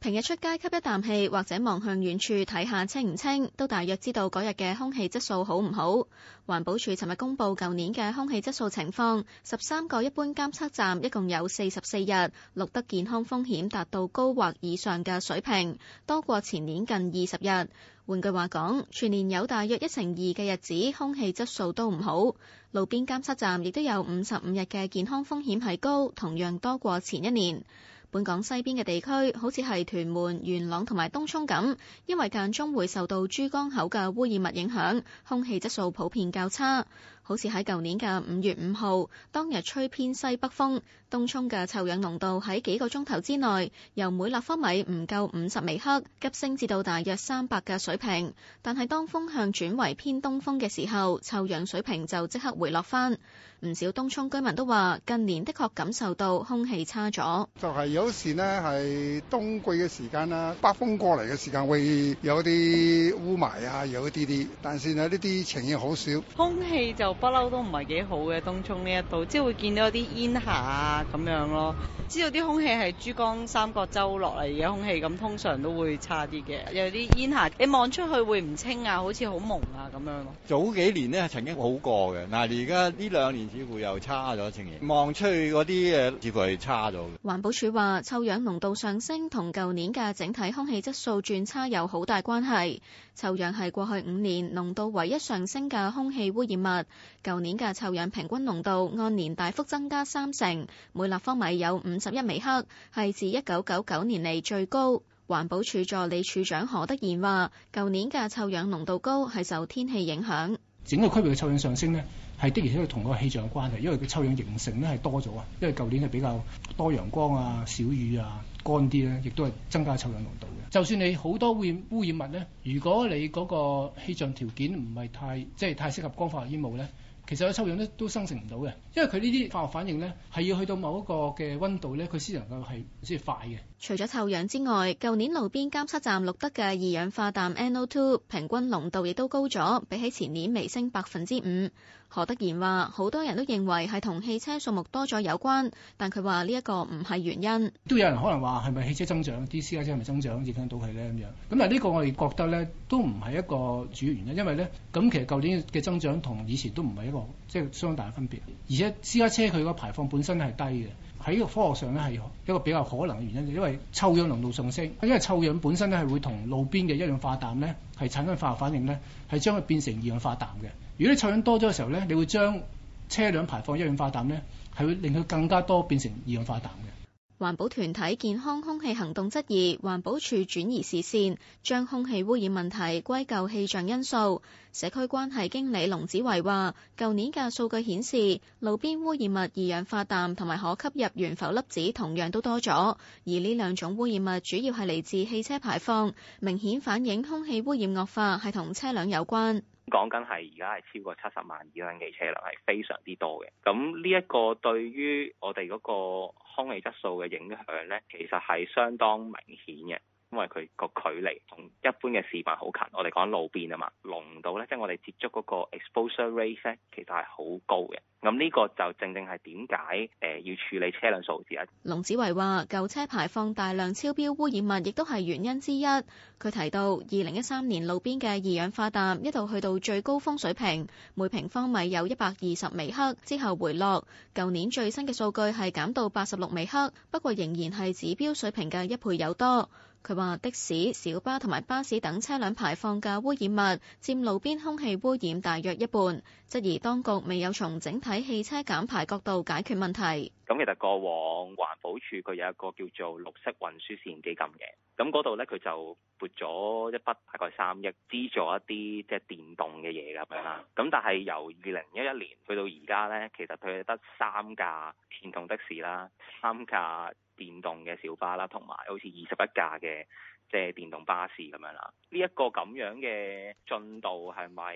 平日出街吸一啖氣，或者望向遠處睇下清唔清，都大約知道嗰日嘅空氣質素好唔好。環保署尋日公布舊年嘅空氣質素情況，十三個一般監測站一共有四十四日，錄得健康風險達到高或以上嘅水平，多過前年近二十日。換句話講，全年有大約一成二嘅日子空氣質素都唔好。路邊監測站亦都有五十五日嘅健康風險係高，同樣多過前一年。本港西邊嘅地區好似係屯門、元朗同埋東涌咁，因為間中會受到珠江口嘅污染物影響，空氣質素普遍較差。好似喺舊年嘅五月五號，當日吹偏西北風，東涌嘅臭氧濃度喺幾個鐘頭之內由每立方米唔夠五十微克，急升至到大約三百嘅水平。但係當風向轉為偏東風嘅時候，臭氧水平就即刻回落返。唔少東涌居民都話，近年的確感受到空氣差咗。就係有時呢係冬季嘅時間啦，北風過嚟，嘅時間會有一啲霧霾啊，有一啲啲。但係呢啲情形，好少，空氣就。不嬲都唔係幾好嘅，東涌呢一度即係會見到啲煙霞咁樣咯。知道啲空氣係珠江三角洲落嚟嘅空氣，咁通常都會差啲嘅，有啲煙霞。你望出去會唔清啊？好似好朦啊咁樣咯。早幾年呢曾經好過嘅，嗱而家呢兩年似乎又差咗情形。望出去嗰啲誒似乎係差咗嘅。環保署話：臭氧濃度上升同舊年嘅整體空氣質素轉差有好大關係。臭氧係過去五年濃度唯一上升嘅空氣污染物。舊年嘅臭氧平均濃度按年大幅增加三成，每立方米有五十一微克，係自一九九九年嚟最高。環保署助理處長何德賢話，舊年嘅臭氧濃度高係受天氣影響。整個區域嘅臭氧上升咧，係的而且確同個氣象有關係，因為佢臭氧形成咧係多咗啊。因為舊年係比較多陽光啊、小雨啊、乾啲咧，亦都係增加臭氧濃度嘅。就算你好多污染污染物咧，如果你嗰個氣象條件唔係太即係太適合光化學煙霧咧，其實個臭氧咧都生成唔到嘅，因為佢呢啲化學反應咧係要去到某一個嘅溫度咧，佢先能夠係先快嘅。除咗臭氧之外，舊年路邊監測站錄得嘅二氧化氮 （NO2） 平均濃度亦都高咗，比起前年微升百分之五。何德賢話，好多人都認為係同汽車數目多咗有關，但佢話呢一個唔係原因。都有人可能話係咪汽車增長啲私家車係咪增長？影響到佢咧咁樣，咁但呢個我哋覺得咧都唔係一個主要原因，因為咧咁其實舊年嘅增長同以前都唔係一個即係、就是、相當大嘅分別，而且私家車佢個排放本身係低嘅。喺呢個科學上咧係一個比較可能嘅原因，就因為臭氧濃度上升，因為臭氧本身咧係會同路邊嘅一氧化氮咧係產生化學反應咧，係將佢變成二氧化氮嘅。如果啲臭氧多咗嘅時候咧，你會將車輛排放一氧化氮咧，係會令佢更加多變成二氧化氮嘅。環保團體健康空氣行動質疑環保署轉移視線，將空氣污染問題歸咎氣象因素。社區關係經理龍子維話：舊年嘅數據顯示，路邊污染物二氧化氮同埋可吸入懸浮粒子同樣都多咗，而呢兩種污染物主要係嚟自汽車排放，明顯反映空氣污染惡化係同車輛有關。講緊係而家係超過七十萬以上嘅車輛，係非常之多嘅。咁呢一個對於我哋嗰個空氣質素嘅影響呢，其實係相當明顯嘅，因為佢個距離同一般嘅市民好近。我哋講路邊啊嘛，濃度呢，即係我哋接觸嗰個 exposure rate 呢，其實係好高嘅。咁呢個就正正係點解誒要處理車輛數字啊。龍子維話：舊車排放大量超標污染物，亦都係原因之一。佢提到，二零一三年路邊嘅二氧化氮一度去到最高峰水平，每平方米有一百二十微克，之後回落。舊年最新嘅數據係減到八十六微克，不過仍然係指標水平嘅一倍有多。佢話的士、小巴同埋巴士等車輛排放嘅污染物，佔路邊空氣污染大約一半。質疑當局未有從整體，喺汽車減排角度解決問題。咁其實過往環保署佢有一個叫做綠色運輸試驗基金嘅，咁嗰度呢，佢就撥咗一筆大概三億，資助一啲即係電動嘅嘢咁樣啦。咁但係由二零一一年去到而家呢，其實佢得三架電動的士啦，三架。電動嘅小巴啦，同埋好似二十一架嘅即係電動巴士咁樣啦。呢一個咁樣嘅進度係咪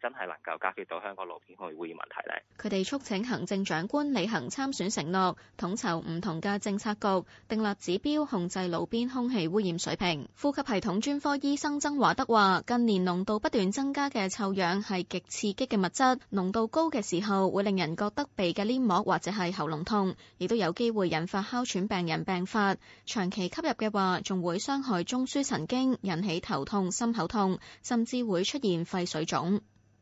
真係能夠解決到香港路邊空氣污染問題咧？佢哋促請行政長官履行參選承諾，統籌唔同嘅政策局，訂立指標，控制路邊空氣污染水平。呼吸系統專科醫生曾華德話，近年濃度不斷增加嘅臭氧係極刺激嘅物質，濃度高嘅時候會令人覺得鼻嘅黏膜或者係喉嚨痛，亦都有機會引發哮喘病。人病發，長期吸入嘅話，仲會傷害中樞神經，引起頭痛、心口痛，甚至會出現肺水腫。